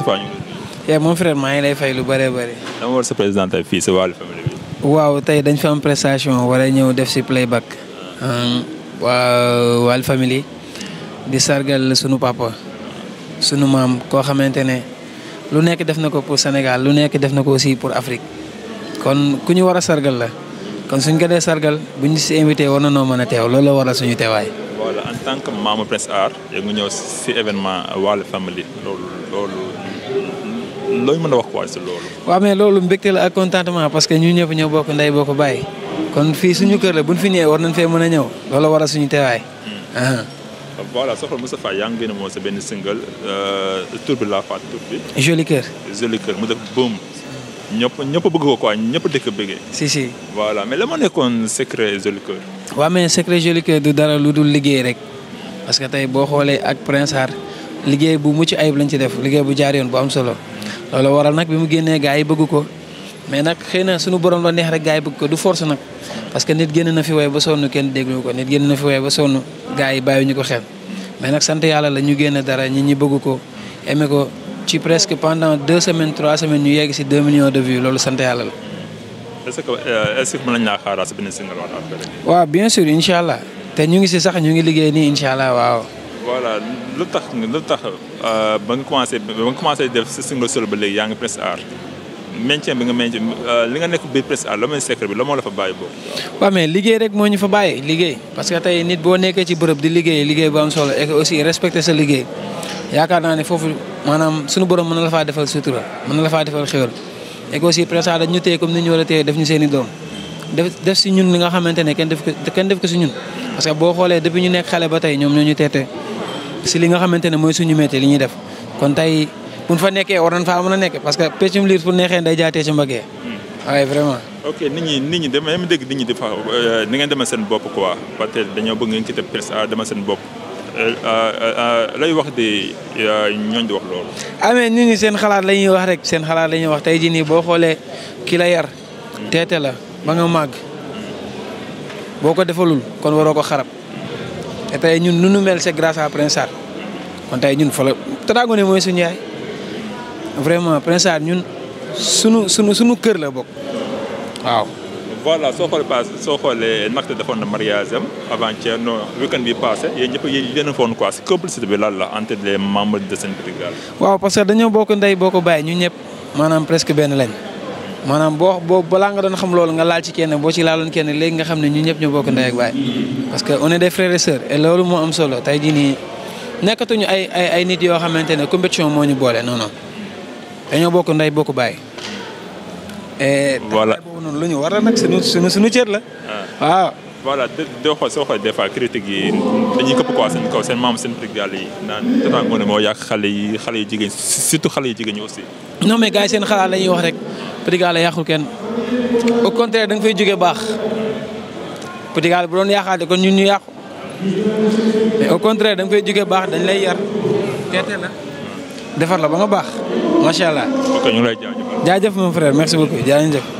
Moustapha ñu ngi mon maa ngi lay fay lu bëree bëri. sa président fii sa wàllu waaw tey dañ fi am prestation war a ñëw def si playback. waa wàllu famille di sargal suñu papa sunu maam koo xamante ne lu nekk def na ko pour Sénégal lu nekk def na ko aussi pour Afrique kon ku ñu war a sargal la kon suñ ko dee sargal buñ ñu si invité war na noo mën a teew loolu la waral suñu teewaay. voilà en tant looy mën a wax quoi si loolu. waaw mais loolu mbégte la ak contentement parce que ñu ñëpp ñëw bokk ndey bokk bàyyi kon fii suñu kër la buñ fi ñëwee war nañ fee mën a ñëw loolu war a suñu teewaay. Hmm. Uh-huh. voilà soxna Moussa Faye yaa ngi génn moom sa benn single euh, tur bi laa faat tur bi. joli kër. joli kër mu def boom. ñëpp ñëpp bëgg ko quoi ñëpp dëkk bëggee. si si. voilà mais la ma nekkoon secret joli kër. waaw mais secret joli kër du dara lu dul liggéey rek parce que tey boo xoolee ak Prince liggéey bu mucc ayib lañ ci def liggéey bu jaar yoon bu am solo loolu waral nag bi mu génnee gars yi bëgg ko mais nag xëy na suñu borom la neex rek gars yi bëgg ko du force nag parce que nit génn na fi way ba sonn kenn déglu ko nit génn na fi way ba sonn gars yi bàyyi ñu ko xel mais nag sant yàlla la ñu génne dara ñi ñi bëgg ko aimé ko ci presque pendant deux semaines trois semaines ñu yegg si deux millions de vues loolu sant yàlla la. est que euh, est-ce que mën nañu laa xaaral si benn single wala affaire waaw bien sûr incha voilà lu tax lu tax euh, ba nga commencé def si single solo ba léegi yaa ngi presse art maintien bi nga maintien euh, li nga nekk biir presse art la mooy la fa bàyyi boobu. waaw mais liggéey rek moo ñu fa bàyyi liggéey parce que tey nit boo nekkee ci bërëb di liggéey liggéey am solo et aussi respecter sa liggéey yaakaar naa ne foofu maanaam sunu borom mën na la faa defal sutura mën na la faa defal xéwal et aussi presse art dañ ñu comme ni ñu war a téye def ñu seen i doom def def si li nga xamante ne mooy suñu métier li ñuy def kon tey nu fa nekkee war nañ faa mën a nekk parce que peccum liir bu neexee day jaatee ci mbagee waaye vraiment. ok nit ñi nit ñi dama yem dégg nit ñi dafa euh, ni ngeen demal seen bopp quoi parce dañoo bëgg ngeen quitter presse à ah, demal seen bopp euh, euh, lay wax di ñooñ di wax loolu. amee ah, nit ñi seen xalaat la ñuy wax rek seen xalaat la ñuy wax tey jii nii boo xoolee kila yar. teete la ba nga màgg. boo ko defalul kon waroo ko xarab. te tey ñun nu nu mel c'est grâce a Prince Sarr kon tey ñun fa la Tata Ngoné mooy suñu yaay vraiment Prince Sarr ñun suñu suñu suñu kër la bokk waaw. voilà soo xoolee paase soo na mariage avant-hier non week bi passé yéen ñëpp yéen a foon quoi si complicité bi lan la entre les membres de seen brigade. waaw parce que dañoo bokk ndey boo ko bàyyi ñu ñëpp maanaam presque benn lañ. maanaam boo boo balaa nga doon xam loolu nga laal ci kenn boo ci laaloon kenn léegi nga xam ne ñun ñëpp ñu bokk ndey baay parce que on est des frères et sœurs loolu moo am solo tey jii nii nekkatuñu ay ay ay nit yoo xamante ne compétition moo ñu boole non dañoo bokk ndey bokk baay. voilà boobu noonu lu ñu war la nag suñu suñu suñu cër la ah. voilà de de xool soo xoolee des fois critiques seen kaw seen seen prix gàll yi naan Tata yi xale yu jigéen surtout xale yu jigéen ñi aussi. non mais gars yi la ñuy wax rek prix gàll yàqul kenn au contraire da jógee baax prix gàll bu kon ñun ñu yàqu mais au contraire da baax dañ lay yar teete la defar la ba nga baax macha allah. ok ñu lay jaajëfal. jaajëf mon frère merci beaucoup jaajëf.